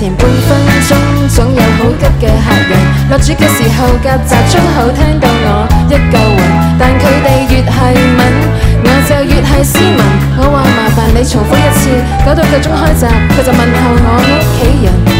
前半分鐘總有好急嘅客人落注嘅時候，夾雜粗口聽到我一嚿雲，但佢哋越係問，我就越係斯文。我話麻煩你重複一次，搞到夠鐘開閘，佢就問候我屋企人。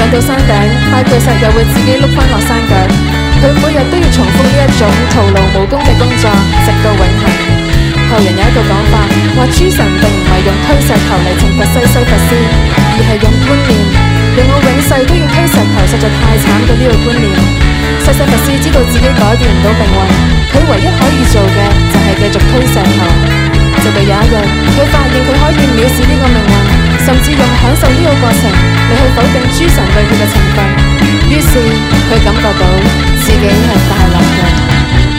上到山頂，塊巨石又會自己碌返落山腳。佢每日都要重複呢一種徒勞無功嘅工作，直到永恆。後人有一個講法，話諸神並唔係用推石頭嚟懲罰西西弗斯，而係用觀念。令我永世都要推石頭，實在太慘嘅呢個觀念。西西弗斯知道自己改變唔到命運，佢唯一可以做嘅就係繼續推石頭。直到有一日，佢發現佢可以蔑視呢個命運。甚至用享受呢個過程嚟去否定諸神對佢嘅懲罰，於是，佢感覺到自己係大男人。